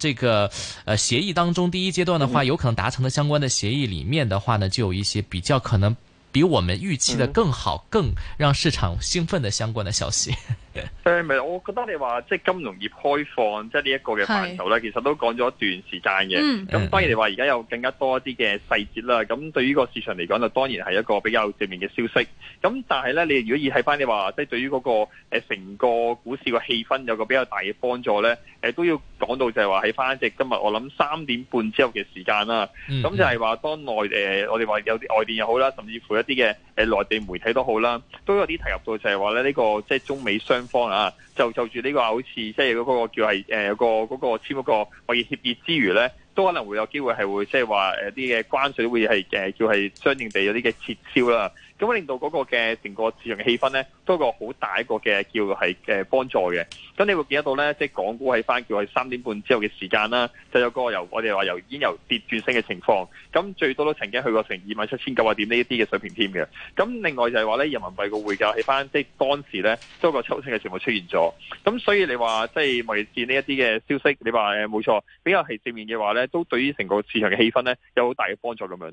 這個，呃，協議當中第一階段的話，嗯、有可能達成的相關的協議裏面的話呢，就有一些比較可能比我們預期的更好、嗯、更讓市場興奮的相關的消息。誒、嗯，咪我覺得你話即係金融業開放，即係呢一個嘅範疇呢，其實都講咗一段時間嘅。咁、嗯、當然你話而家有更加多一啲嘅細節啦。咁、嗯、對於個市場嚟講，就當然係一個比較正面嘅消息。咁但係呢，你如果以睇翻你話即係對於嗰個誒成個股市個氣氛有個比較大嘅幫助呢。誒都要講到就係話喺翻即今日我諗三點半之後嘅時間啦，咁、嗯嗯、就係話當內誒、呃、我哋話有啲外電又好啦，甚至乎一啲嘅誒內地媒體都好啦，都有啲提及到就係話咧呢、這個即中美雙方啊，就就住呢、這個好似即嗰、那個叫係有、呃那個嗰、那個簽嗰個貿易協議之餘咧，都可能會有機會係會即係話啲嘅關稅會係誒叫係相應地有啲嘅撤銷啦。咁令到嗰個嘅成個市場嘅氣氛咧，都一個好大一個嘅叫係誒、呃、幫助嘅。咁你會見得到咧，即係港股喺翻叫係三點半之後嘅時間啦，就有個由我哋話由已經由跌轉升嘅情況。咁最多都曾經去過成二萬七千九百點呢一啲嘅水平添嘅。咁另外就係話咧，人民幣個匯價喺翻即係當時咧，都一個抽升嘅全部出現咗。咁所以你話即係貿易戰呢一啲嘅消息，你話誒冇錯，比較係正面嘅話咧，都對於成個市場嘅氣氛咧，有好大嘅幫助咁樣。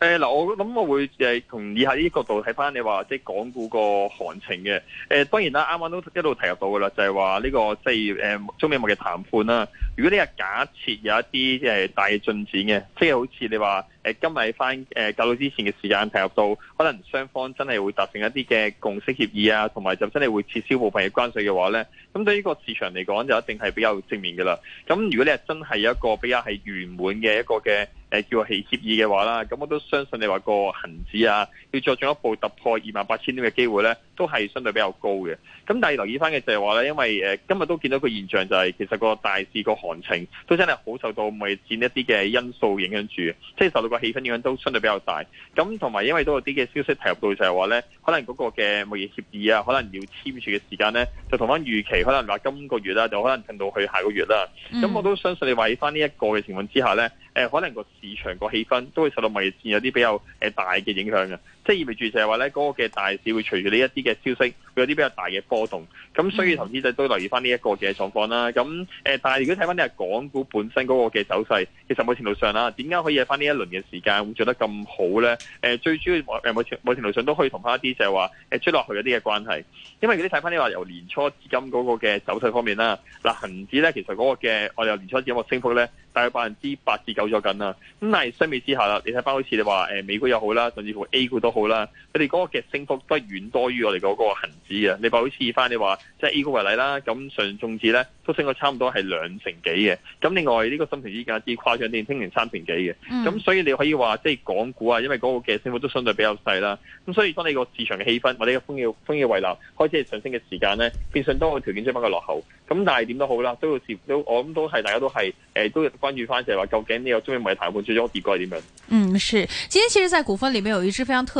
誒，嗱，我諗我會誒，從以下呢啲角度睇翻你話，即係港股個行情嘅。誒、呃，當然啦，啱啱都一路提及到噶啦，就係話呢個即係誒中美貿易談判啦。如果你係假設有一啲誒大進展嘅，即係好似你話誒、呃、今日翻誒舊年之前嘅時間提及到，可能雙方真係會達成一啲嘅共識協議啊，同埋就真係會撤銷部分嘅關稅嘅話咧，咁對呢個市場嚟講就一定係比較正面噶啦。咁如果你係真係有一個比較係圓滿嘅一個嘅。誒叫做協議嘅話啦，咁我都相信你話個恒指啊，要再進一步突破二萬八千點嘅機會呢，都係相對比較高嘅。咁但係留意翻嘅就係話呢，因為誒今日都見到個現象就係、是、其實個大市個行情都真係好受到貿易戰一啲嘅因素影響住，即、就、係、是、受到個氣氛影響都相對比較大。咁同埋因為都有啲嘅消息提及到就係話呢，可能嗰個嘅貿易協議啊，可能要簽署嘅時間呢，就同翻預期可能話今個月啦、啊，就可能近到去下個月啦、啊。咁我都相信你話翻呢一個嘅情況之下呢。誒，可能個市場個氣氛都會受到貿易戰有啲比較誒大嘅影響嘅。即係意味住就係話咧，嗰、那個嘅大市會隨住呢一啲嘅消息，會有啲比較大嘅波動。咁所以投資者都留意翻呢一個嘅狀況啦。咁誒、呃，但係如果睇翻啲港股本身嗰個嘅走勢，其實某程度上啦，點解可以喺翻呢一輪嘅時間會做得咁好咧？誒、呃，最主要誒某某程度上都可以同翻一啲就係話誒追落去一啲嘅關係。因為嗰啲睇翻啲話由年初至今嗰個嘅走勢方面啦，嗱、呃、恒指咧其實嗰個嘅我由年初至今個升幅咧大概百分之八至九咗緊啦。咁但係相比之下啦，你睇翻好似你話誒美股又好啦，甚至乎 A 股都。好啦，佢哋嗰個嘅升幅都遠多於我哋嗰個恒指啊。你又好似翻你話，即係 A 股為例啦，咁上綜指咧都升咗差唔多係兩成幾嘅。咁另外呢個深成指更加之誇張啲，升完三成幾嘅。咁所以你可以話即係港股啊，因為嗰個嘅升幅都相對比較細啦。咁所以當你個市場嘅氣氛或者個風嘅風嘅圍樓開始上升嘅時間咧，變相多個條件將翻佢落後。咁但係點都好啦，都涉我諗都係大家都係誒，都關注翻就係話究竟呢個中美貿易談判最終結果係點樣？嗯，是。今日其實喺股份裏面有一支非常特。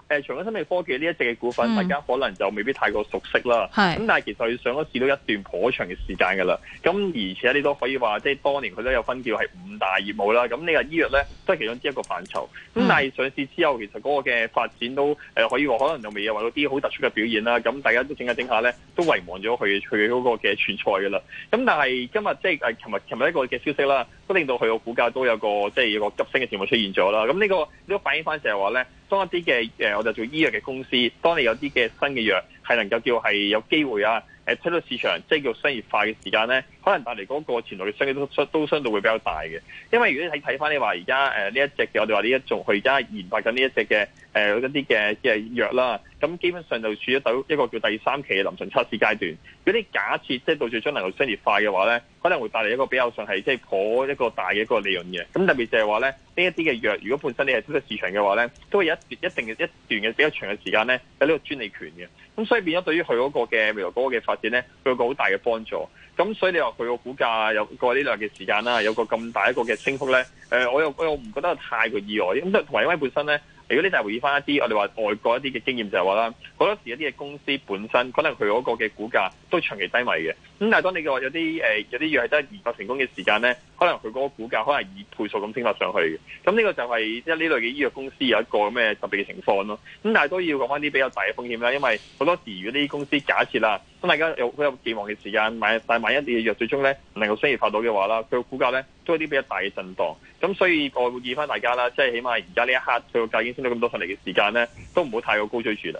誒長江生命科技呢一隻嘅股份，大家可能就未必太過熟悉啦。咁，但係其實佢上咗市都一段頗長嘅時間噶啦。咁而且你都可以話，即係當年佢都有分叫係五大業務啦。咁呢個醫藥咧，都係其中之一個範疇。咁，嗯，但係上市之後，其實嗰個嘅發展都誒，可以話可能就未有話到啲好突出嘅表現啦。咁大家都整下整下咧，都遺忘咗佢佢嗰個嘅存在噶啦。咁但係今日即係誒，琴日琴日一個嘅消息啦，都令到佢個股價都有個即係有個急升嘅情況出現咗啦。咁呢個呢個反映翻成日話咧。當一啲嘅誒，我就做醫藥嘅公司。當你有啲嘅新嘅藥係能夠叫係有機會啊，誒推出市場，即係叫商業化嘅時間咧。可能帶嚟嗰個潛在嘅收益都都相對會比較大嘅，因為如果你睇翻你話而家誒呢一隻嘅，我哋話呢一種佢而家係研發緊呢一隻嘅誒嗰啲嘅嘅藥啦，咁基本上就處於一個叫第三期嘅臨床測試階段。如果你假設即係到最後將能夠商業化嘅話咧，可能會帶嚟一個比較上係即係嗰一個大嘅一個利潤嘅。咁特別就係話咧，呢一啲嘅藥如果本身你係出咗市場嘅話咧，都會有一一定嘅一段嘅比較長嘅時間咧，喺呢個專利權嘅。咁所以變咗對於佢嗰個嘅未來嗰個嘅發展咧，佢有個好大嘅幫助。咁所以你話。佢個股價有過呢兩日嘅時間啦，有個咁大一個嘅升幅咧。誒、呃，我又我又唔覺得太過意外。咁即係同埋因為本身咧，如果你就係回憶翻一啲我哋話外國一啲嘅經驗就說，就係話啦，好多時一啲嘅公司本身可能佢嗰個嘅股價都長期低迷嘅。咁但係當你嘅話有啲誒，有啲藥係真係研發成功嘅時間咧。可能佢嗰個股價可能以倍數咁升發上去嘅，咁呢個就係即係呢類嘅醫藥公司有一個咁嘅特別嘅情況咯。咁但係都要講翻啲比較大嘅風險啦，因為好多時如果呢啲公司假設啦，咁大家有佢有期望嘅時間買，但係萬一啲藥最終咧唔能夠商業化到嘅話啦，佢個股價咧都係啲比較大嘅震盪。咁所以我會建議翻大家啦，即係起碼而家呢一刻佢個價已經升咗咁多上嚟嘅時間咧，都唔好太過高追住啦。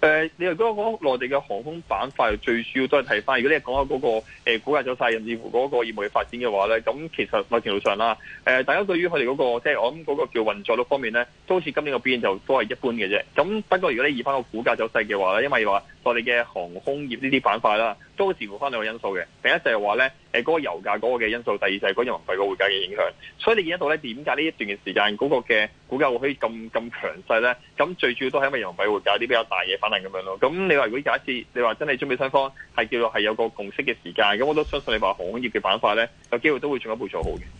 誒、呃，你如果講內地嘅航空板塊，最主要都係睇翻。如果你係講緊嗰個、呃、股價走勢，甚至乎嗰個業務嘅發展嘅話咧，咁其實某程度上啦。大、呃、家對於佢哋嗰個即係、就是、我諗嗰個叫運作率方面咧，都好似今年個表現就都係一般嘅啫。咁不過如果你以翻個股價走勢嘅話咧，因為話內地嘅航空業呢啲板塊啦。都視乎翻兩個因素嘅，第一就係話咧，誒、那、嗰個油價嗰個嘅因素，第二就係嗰人民幣個匯價嘅影響。所以你見得到咧，點解呢一段時間嗰、那個嘅股價會可以咁咁強勢咧？咁最主要都係因為人民幣匯價啲比較大嘅反彈咁樣咯。咁你話如果假設你話真係中美雙方係叫做係有個共識嘅時間，咁我都相信你話航空業嘅板塊咧，有機會都會進一步做好嘅。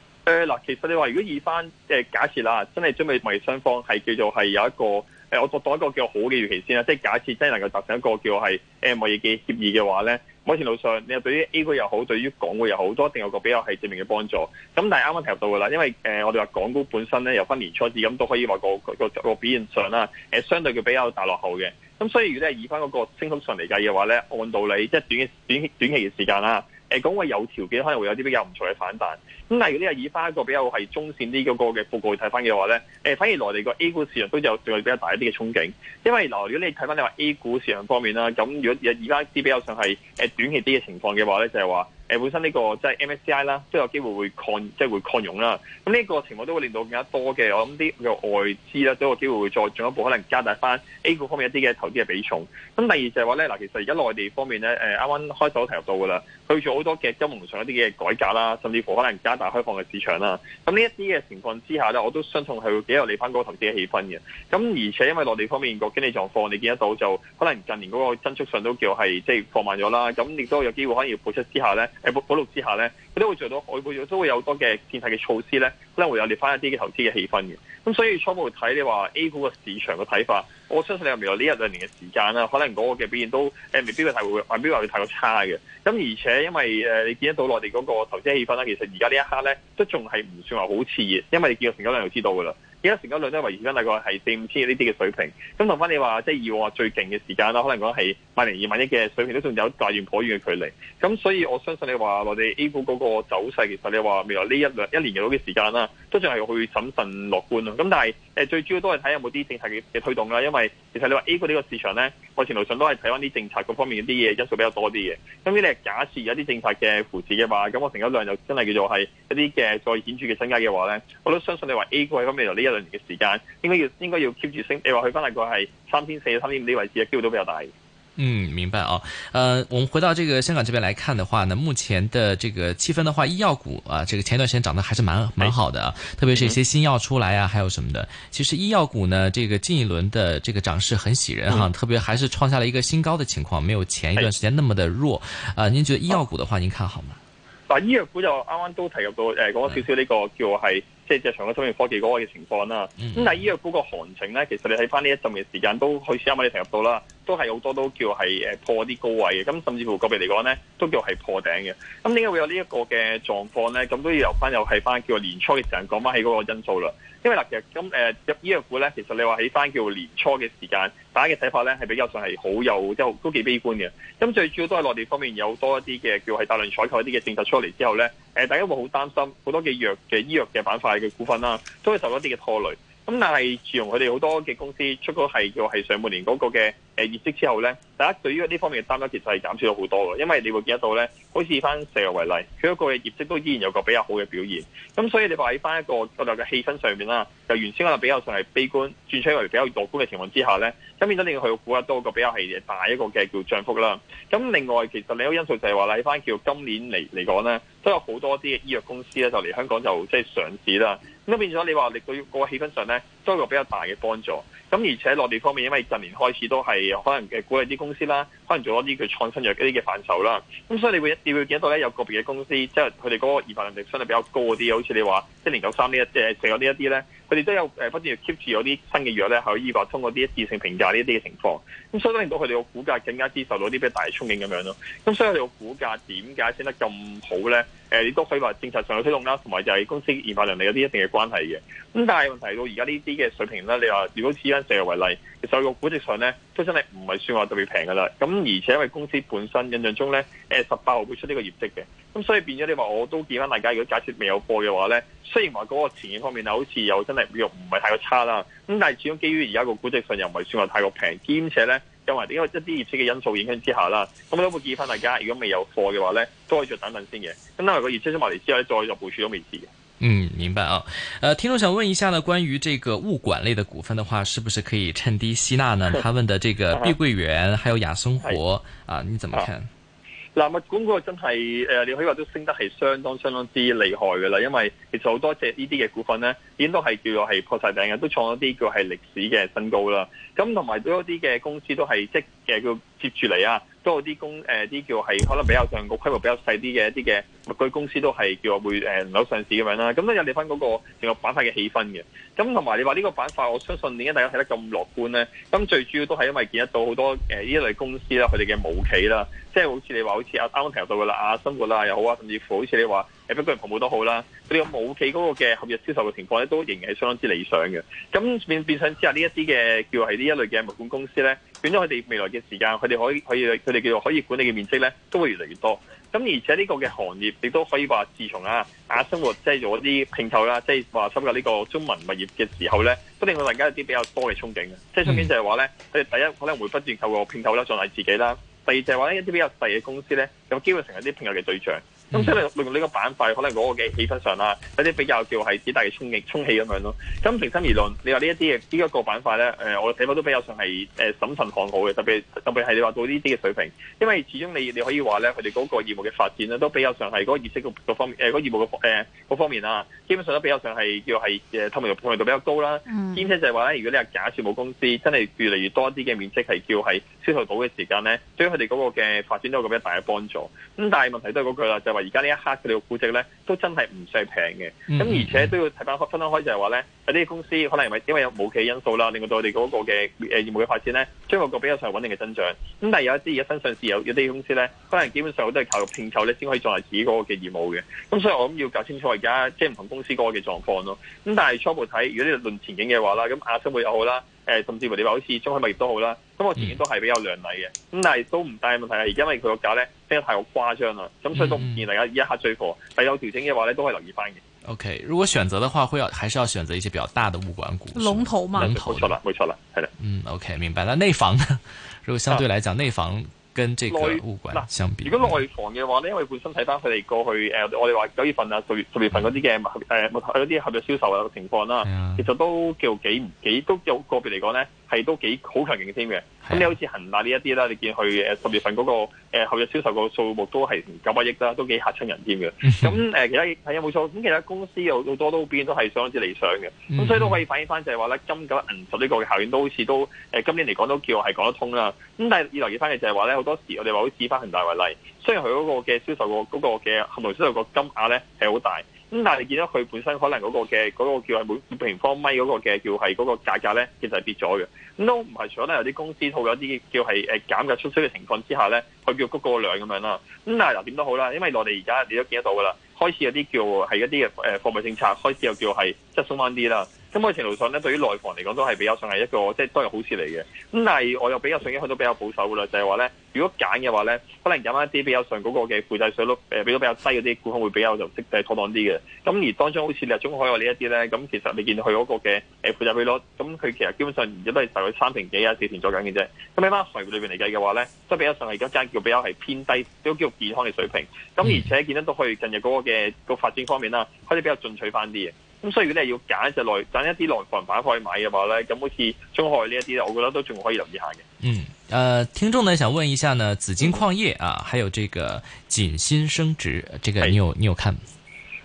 誒，嗱，其實你話如果以翻，誒、呃，假設啦，真係準備貿易雙方係叫做係有一個，誒、呃，我作到一個叫好嘅預期先啦，即係假設真係能夠達成一個叫係誒貿易嘅協議嘅話咧，某程度上你又對於 A 股又好，對於港股又好，都一定有一個比較係正面嘅幫助。咁但係啱啱提到到噶啦，因為誒、呃、我哋話港股本身咧由分年初至咁都可以話個個個，個表現上啦，誒、呃、相對嘅比較大落後嘅。咁所以如果係以翻嗰個升幅上嚟計嘅話咧，按道理即係短嘅短短期嘅時間啦，誒、呃、港股有條件可能會有啲比較唔錯嘅反彈。咁例如呢個以翻一個比較係中線啲嗰個嘅報告去睇翻嘅話咧，誒反而內地個 A 股市場都有對比較大一啲嘅憧憬，因為嗱，如果你睇翻你話 A 股市場方面啦，咁如果而家一啲比較上係誒短期啲嘅情況嘅話咧，就係話誒本身呢、這個即係、就是、MSCI 啦，都有機會會擴即係會擴容啦。咁呢個情況都會令到更加多嘅我諗啲外資啦都有機會會再進一步可能加大翻 A 股方面一啲嘅投資嘅比重。咁第二就係話咧嗱，其實而家內地方面咧，誒啱啱開手提到到噶啦，佢做好多嘅金融上一啲嘅改革啦，甚至乎可能加大開放嘅市場啦，咁呢一啲嘅情況之下咧，我都相信係會幾有利翻嗰投資嘅氣氛嘅。咁而且因為內地方面個經濟狀況，你見得到就可能近年嗰個增速上都叫係即係放慢咗啦。咁亦都有機會可能要補出之下咧，誒、呃、補補錄之下咧，佢都會做到，我會都會有多嘅見態嘅措施咧，可能會有利翻一啲嘅投資嘅氣氛嘅。咁所以初步睇你話 A 股嘅市場嘅睇法。我相信你話未來呢一兩年嘅時間啦，可能嗰個嘅表現都誒未必話太會，未必話太過差嘅。咁而且因為誒你見得到內地嗰個投資氣氛啦，其實而家呢一刻咧都仲係唔算話好熾嘅，因為你見到成交量就知道㗎啦。而家成交量都維持緊大概係四五千呢啲嘅水平。咁同翻你話即係以往話最勁嘅時間啦，可能講係萬零二萬億嘅水平，都仲有大遠頗遠嘅距離。咁所以我相信你話內地 A 股嗰個走勢，其實你話未來呢一兩一年嘅嗰啲時間啦，都仲係要審慎樂觀咯。咁但係，誒最主要都係睇有冇啲政策嘅嘅推動啦，因為其實你話 A 股呢個市場咧，目前路上都係睇翻啲政策嗰方面啲嘢因素比較多啲嘅。咁如果你係假設有啲政策嘅扶持嘅話，咁我成交量就真係叫做係一啲嘅再顯著嘅增加嘅話咧，我都相信你話 A 股喺未來呢一兩年嘅時間應該要應該要 keep 住升。你話去翻大概係三千四、三千五呢啲位置，機會都比較大。嗯，明白啊。呃，我們回到這個香港這邊來看的話呢，目前的這個氣氛的話，醫藥股啊，這個前一段時間漲得還是蠻蠻好的啊，特別是一些新藥出來啊，還有什麼的。其實醫藥股呢，這個近一輪的這個漲勢很喜人哈、啊，特別還是創下了一個新高的情況，沒有前一段時間那麼的弱。啊，您覺得醫藥股的話，您看好嗎？醫藥股就啱啱都提及到，誒、呃，講少少呢個叫係即係長生命科技嗰個嘅情況啦。咁、嗯、但醫藥股個行情呢，其實你睇翻呢一陣嘅時間都開始啱啱你提及到啦。都係好多都叫係誒破啲高位嘅，咁甚至乎個別嚟講咧，都叫係破頂嘅。咁點解會有呢一個嘅狀況咧？咁都要由翻又係翻叫年初嘅時候講翻起嗰個因素啦。因為嗱，其實咁誒入醫藥股咧，其實你話起翻叫年初嘅時間，大家嘅睇法咧係比較上係好有，即係都幾悲觀嘅。咁最主要都係內地方面有多一啲嘅叫係大量採購一啲嘅政策出嚟之後咧，誒、呃、大家會好擔心好多嘅藥嘅醫藥嘅板塊嘅股份啦，都會受到一啲嘅拖累。咁但係自從佢哋好多嘅公司出咗係叫係上半年嗰個嘅，業績之後咧，大家對於呢方面嘅擔憂其實係減少咗好多嘅，因為你會見得到咧，好似翻石油為例，佢嗰嘅業績都依然有個比較好嘅表現。咁所以你話喺翻一個嗰度嘅氣氛上面啦，由原先可能比較上係悲觀，轉出嚟比較樂觀嘅情況之下咧，咁變咗你要去估價多個比較係大一個嘅叫漲幅啦。咁另外，其實另一個因素就係話啦，喺翻叫今年嚟嚟講咧，都有好多啲醫藥公司咧就嚟香港就即係上市啦，咁變咗你話你對個氣氛上咧，都有個比較大嘅幫助。咁而且落地方面，因為近年開始都係可能嘅鼓勵啲公司啦，可能做多啲佢創新藥一啲嘅範疇啦。咁所以你會你會見到咧，有個別嘅公司，即係佢哋嗰個研發能力相對比較高嗰啲，好似你話即係零九三呢一隻，仲有呢一啲咧，佢哋都有誒不斷要 keep 住有啲新嘅藥咧，可以話通過啲一致性評價呢一啲嘅情況。咁所以令到佢哋個股價更加之受到啲比較大嘅憧憬咁樣咯。咁所以佢哋個股價點解先得咁好咧？誒，亦都可以話政策上嘅推動啦，同埋就係公司研發能力有啲一,一定嘅關係嘅。咁但係問題到而家呢啲嘅水平呢，你話如果似翻石油為例，其實個估值上咧都真係唔係算話特別平噶啦。咁而且因為公司本身印象中咧，誒十八號會出呢個業績嘅。咁所以變咗你話，我都見翻大家如果假設未有貨嘅話咧，雖然話嗰個前景方面好似又真係唔係太過差啦。咁但係始終基於而家個估值上又唔係算話太過平，兼且咧。因為一啲熱錢嘅因素影響之下啦，咁我都會建議翻大家，如果未有貨嘅話咧，再着等等先嘅。咁因為個熱錢出埋嚟之後咧，再入部署都未知嘅。嗯，明白啊。誒、呃，聽眾想問一下呢，關於這個物管類嘅股份嘅話，是不是可以趁低吸納呢？他問的這個碧桂園， 還有雅生活啊，你怎麼看？ 嗱，物管嗰個真係，你可以話都升得係相當相當之厲害㗎啦，因為其實好多隻呢啲嘅股份咧，已經都係叫做係破晒頂嘅，都創咗啲叫係歷史嘅新高啦。咁同埋都一啲嘅公司都係即係叫接住嚟啊！都有啲公誒啲、呃、叫係可能比較上個規模比較細啲嘅一啲嘅物管公司都係叫會誒扭上市咁樣啦，咁都有你翻嗰個成個板塊嘅氣氛嘅。咁同埋你話呢個板塊，我相信點解大家睇得咁樂觀咧？咁最主要都係因為見得到好多誒呢一類公司啦，佢哋嘅母企啦，即係好似你話好似阿安提到噶啦，雅生活啦又好啊，甚至乎好似你話誒碧桂園服務都好啦，佢哋啲母企嗰個嘅合約銷售嘅情況咧都仍然係相當之理想嘅。咁變變相之下，呢一啲嘅叫係呢一類嘅物管公司咧。啊啊啊啊啊啊啊啊變咗佢哋未來嘅時間，佢哋可以可以佢哋叫做可以管理嘅面積咧，都會越嚟越多。咁而且呢個嘅行業亦都可以話，自從啊亞、啊、生活即係做啲拼購啦、啊，即係話深入呢個中民物業嘅時候咧，都令到大家有啲比較多嘅憧憬。即係上面就係話咧，佢哋第一可能會不斷透過拼購啦，壯大自己啦。第二就係話呢，一啲比較細嘅公司咧，有機會成為一啲拼購嘅對象。咁即係用呢個板塊，可能嗰個嘅氣氛上啦、啊，有啲比較叫係幾大嘅衝擊、沖氣咁樣咯、啊。咁平心而論，你話呢一啲嘅呢一個板塊咧，誒、呃，我睇法都比較上係誒審慎看好嘅，特別特別係你話到呢啲嘅水平，因為始終你你可以話咧，佢哋嗰個業務嘅發展咧，都比較上係嗰個業方面，誒嗰業務嘅誒各方面啊，基本上都比較上係叫係誒透明、明度、比較高啦。兼、嗯、且就係話咧，如果你係假設冇公司，真係越嚟越多啲嘅面積係叫係銷售到嘅時間咧，對於佢哋嗰個嘅發展都有比較大嘅幫助。咁但係問題都係嗰句啦，就係、是。而家呢一刻佢哋個估值咧，都真係唔算平嘅。咁、mm-hmm. 而且都要睇翻分開，就係話咧，有啲公司可能因為有冇企業因素啦，令到我哋嗰個嘅誒業務嘅發展咧，將個比較上穩定嘅增長。咁但係有一啲而家新上市有有啲公司咧，可能基本上都係靠併購咧先可以做係自己嗰個嘅業務嘅。咁所以我諗要搞清楚而家即係唔同公司嗰個嘅狀況咯。咁但係初步睇，如果你論前景嘅話啦，咁亞洲會又好啦。誒，甚至乎你話好似中海物業都好啦，咁我前景都係比較亮麗嘅，咁、嗯、但係都唔大嘅問題係，因為佢個價咧升得太過誇張啦，咁所以都唔建議大家一下追貨，但、嗯、有調整嘅話咧，都可以留意翻嘅。O、okay, K，如果選擇嘅話，會要，還是要選擇一些比較大嘅物管股，龍頭嘛，龍頭啦，冇錯啦，係啦，嗯，O、okay, K，明白。但內房呢？如果相對嚟講，內房。跟這個物管相比，呃、如果內房嘅話咧，因為本身睇返佢哋過去誒、呃，我哋話九月份啊、十月、十月份嗰啲嘅誒，有、嗯、啲、呃、合約銷售嘅情況啦、啊嗯，其實都叫幾幾都有個別嚟講咧。係都幾好強勁添嘅，咁你好似恒大呢一啲啦，你見佢十月份嗰、那個誒、呃、後日銷售個數目都係九百億啦，都幾嚇親人添嘅。咁誒、呃、其他係啊，冇錯，咁其他公司有好多都變都係相當之理想嘅。咁所以都可以反映翻就係話咧，金九銀十呢個嘅效應都好似都誒、呃、今年嚟講都叫係講得通啦。咁但係二來二翻嘅就係話咧，好多時我哋話好似翻恒大為例，雖然佢嗰個嘅銷售的、那個個嘅後日銷售個金額咧係好大。咁但係你見到佢本身可能嗰個嘅嗰、嗰個叫係每平方米嗰個嘅、嗰個、叫係嗰個價格咧，其實係跌咗嘅。咁都唔係，除咗咧有啲公司套咗啲叫係誒減價出水嘅情況之下咧，佢叫谷過個量咁樣啦。咁嗱嗱點都好啦，因為我哋而家你都見得到噶啦，開始有啲叫係一啲嘅貨幣政策開始又叫係即鬆翻啲啦。咁某程度上咧，對於內房嚟講都係比較上係一個即係都係好事嚟嘅。咁但係我又比較上已經去都比較保守嘅啦，就係話咧，如果揀嘅話咧，可能揀一啲比較上嗰個嘅負債水率誒比到比較低嗰啲股，可能會比較就適度妥當啲嘅。咁而當中好似你中海啊呢一啲咧，咁其實你見到佢嗰個嘅誒負債率，咁佢其實基本上而家都係受佢三平幾啊四平咗緊嘅啫。咁喺翻行業裏邊嚟計嘅話咧，都比較上係一家間叫比較係偏低，都叫健康嘅水平。咁而且見得到佢近日嗰個嘅、那個發展方面啦，開始比較進取翻啲嘅。咁、嗯、所以如果你要揀一隻內揀一啲內房板可以買嘅話咧，咁好似中海呢一啲咧，我覺得都仲可以留意一下嘅。嗯，誒、呃，聽眾呢，想問一下呢，紫金礦業啊、嗯，還有這個錦欣生殖，這個你有你有看？誒、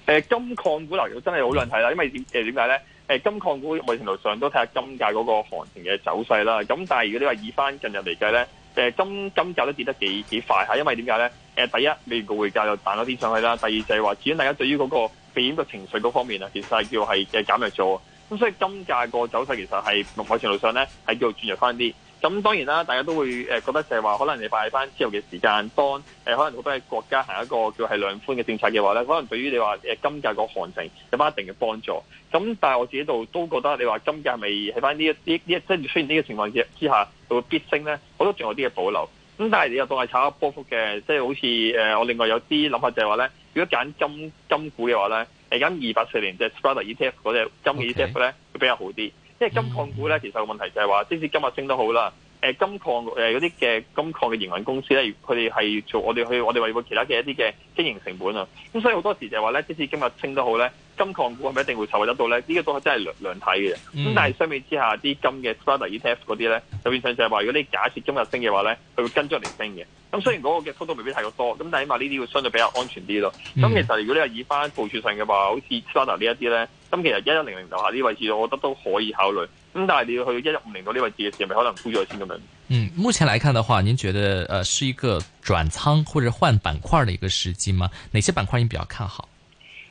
呃，金礦股留意真係好難睇啦，因為點誒點解咧？誒、呃呃，金礦股某程度上都睇下金價嗰個行情嘅走勢啦。咁但係如果你話以翻近日嚟計咧，誒、呃、金金價都跌得幾幾快嚇，因為點解咧？誒、呃，第一美國匯價就彈咗啲上去啦，第二就係話，始終大家對於嗰、那個避險嗰情緒方面啊，其實係叫係誒減弱咗。咁所以金價個走勢其實係某程度上咧係叫做轉弱翻啲。咁當然啦，大家都會誒覺得就係話，可能你擺翻之後嘅時間，當誒可能好多嘅國家行一個叫係量寬嘅政策嘅話咧，可能對於你話誒金價個行情有翻一定嘅幫助。咁但係我自己度都覺得，你話金價未喺翻呢一啲呢一,一即係出現呢個情況之下，就會必升咧？我都仲有啲嘅保留。咁但係你又當係炒一波幅嘅，即係好似誒我另外有啲諗法就係話咧。如果揀金金股嘅話咧，誒揀二八四年即係 SPDR ETF 嗰隻金嘅 ETF 咧、okay. 會比較好啲，因為金礦股咧，其實個問題就係話，即使今日升得好啦，誒金礦誒嗰啲嘅金礦嘅營運公司咧，佢哋係做我哋去我哋維護其他嘅一啲嘅經營成本啊，咁所以好多時就係話咧，即使今日升得好咧。金礦股係咪一定會籌劃得到咧？呢、這個都係真係兩兩睇嘅。咁但係相比之下，啲金嘅 SPDR ETF 嗰啲咧，就變相就係話，如果你假設今日升嘅話咧，佢會跟住嚟升嘅。咁雖然嗰個嘅幅度未必太過多，咁但係起碼呢啲會相對比較安全啲咯。咁、嗯、其實如果你係以翻部署性嘅話，好似 SPDR 呢一啲咧，咁其實一一零零樓下呢啲位置，我覺得都可以考慮。咁但係你要去一一五零嗰啲位置嘅時候，係咪可能沽咗先咁樣？嗯，目前來看嘅話，您覺得係一個轉倉或者換板塊嘅一個時機嗎？哪些板塊您比較看好？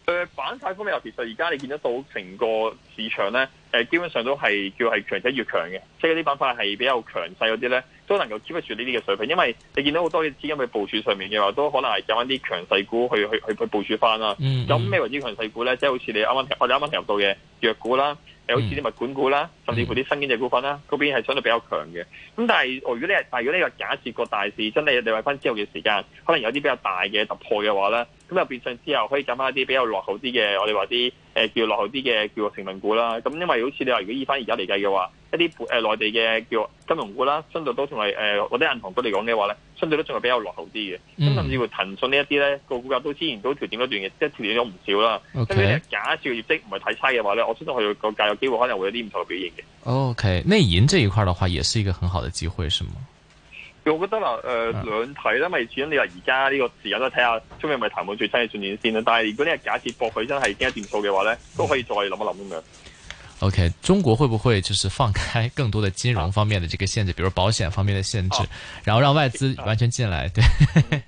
誒板塊方面又其實而家你見得到成個市場咧，誒基本上都係叫係強者越強嘅，即係啲板塊係比較強勢嗰啲咧，都能夠 keep 住呢啲嘅水平，因為你見到好多嘅資金去部署上面嘅話，都可能係有一啲強勢股去去去去佈署翻啦。咁、嗯、咩、嗯、為之強勢股咧？即係好似你啱啱我哋啱啱提到嘅弱股啦。好似啲物管股啦，甚至乎啲新經濟股份啦，嗰、嗯、邊係相對比較強嘅。咁但係，我如果你但如果你話假設個大市真係地位翻之後嘅時間，可能有啲比較大嘅突破嘅話咧，咁又變相之後可以揀翻一啲比較落後啲嘅，我哋話啲叫落後啲嘅叫做成分股啦。咁因為好似你話，如果依翻而家嚟計嘅話。一啲誒內地嘅叫金融股啦，相對都同埋誒嗰啲銀行股嚟講嘅話咧，相對都仲係比較落後啲嘅。咁甚至乎騰訊呢一啲咧個股價都之前都調整咗段嘅，即係調整咗唔少啦。即係你假設業績唔係太差嘅話咧，我相信佢以個價有機會可能會有啲唔同嘅表現嘅。O K，內銀呢一塊嘅話，亦係一個很好的機會，是嗎？我覺得啦，誒兩睇啦，咪始終你話而家呢個時陣都睇下出面咪談判最新嘅進展先啦。但係如果你係假設博佢真係驚一掂數嘅話咧、嗯，都可以再諗一諗咁樣。O.K. 中國會唔會就是放開更多的金融方面的這個限制？啊、比如保險方面的限制，啊、然後讓外資完全進來？啊、對、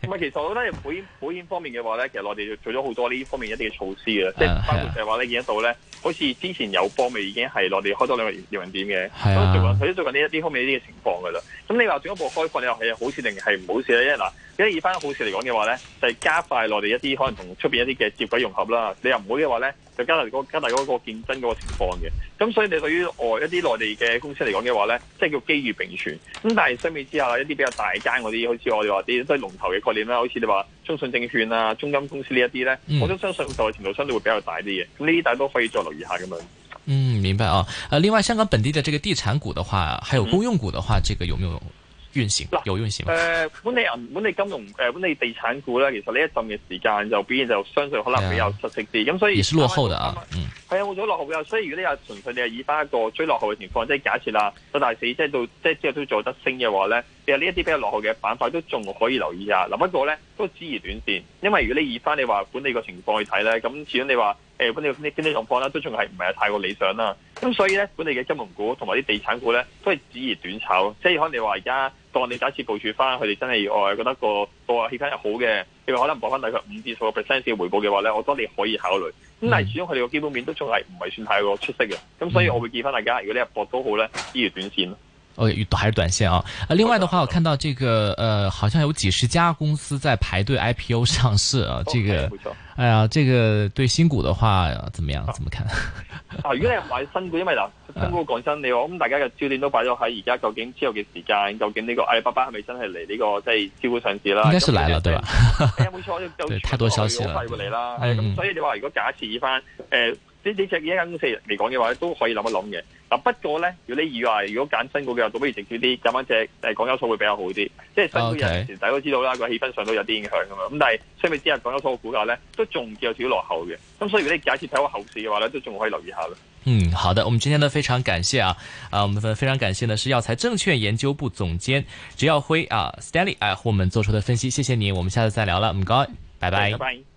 嗯 其實方面的話，其實咧，保險保險方面嘅話咧，其實內地做咗好多呢方面一啲嘅措施嘅，即、嗯、係包括就係話你見得到咧、啊，好似之前友邦咪已經係內地開多兩個營運點嘅，咁最近佢都最近呢一啲方面呢啲嘅情況噶啦，咁你話進一步開放又係好事定係唔好事咧？因為嗱。以翻好事嚟講嘅話咧，就係、是、加快內地一啲可能同出面一啲嘅接軌融合啦。你又唔會嘅話咧，就加大嗰、那個、加大個競爭嗰個情況嘅。咁所以你對於外一啲內地嘅公司嚟講嘅話咧，即、就、係、是、叫機遇並存。咁但係相比之下，一啲比較大間嗰啲，好似我哋話啲都係龍頭嘅概念啦，好似你話中信證券啊、中金公司呢一啲咧，我都相信就係程度相對會比較大啲嘅。咁呢啲大都可以再留意下咁樣。嗯，明白啊。另外香港本地嘅這個地產股的話，還有公用股的話，嗯、這個有冇嗱，有運行誒、呃、本地銀、本地金融、誒、呃、本地地產股咧，其實呢一陣嘅時間就表現就相對可能比較出色啲，咁、啊、所以剛剛有有也是落後嘅啊。嗯，係啊，冇咗落後嘅，所以如果你係純粹你係以翻一個追落後嘅情況，即係假設啦，到大四即係到即係之後都做得升嘅話咧，其實呢一啲比較落後嘅板塊都仲可以留意一下。嗱，不過咧都只宜短線，因為如果你以翻你話本地個情況去睇咧，咁始終你話誒本地經濟狀況咧都仲係唔係太過理想啦。咁所以咧本地嘅金融股同埋啲地產股咧都係只宜短炒，即係可能你話而家。當你第一次部署翻，佢哋真係我係覺得個個氣氛係好嘅，譬如可能博翻大概五至數個 percent 嘅回報嘅話咧，我覺得你可以考慮。咁但係始終佢哋個基本面都仲係唔係算太過出色嘅，咁所以我會建議翻大家，如果你係博都好咧，依條短線哦、okay，還是短線啊，啊！另外的話，我看到這個呃，好像有幾十家公司在排隊 IPO 上市啊。Okay, 這個，哎呀、呃，這個對新股的話怎麼樣、啊？怎麼看？啊，啊如果你買新股，因為嗱，新股講真、啊，你話，咁大家嘅焦點都擺咗喺而家究竟之後嘅時間，究竟呢、這個阿里巴巴係咪真係嚟呢個即係招股上市啦？應該是來了，嗯、對吧？哎、 對，太多消息了。呢幾隻一間公司嚟講嘅話都可以諗一諗嘅。嗱不過咧，如果你以話如果揀新股嘅話，倒不如直接啲揀翻隻誒港交所會比較好啲。即、就、係、是、新股人前仔、okay. 都知道啦，個氣氛上都有啲影響咁樣。咁但係相比之下價呢，港交所嘅股價咧都仲有少少落後嘅。咁所以如果你假設睇下後市嘅話咧，都仲可以留意下咯。嗯，好的，我們今天呢非常感謝啊啊，我們非常感謝呢是耀才證券研究部總監植耀輝啊 Stanley 誒、啊，為我們做出的分析。謝謝你，我們下次再聊啦。唔該，拜拜。拜拜拜拜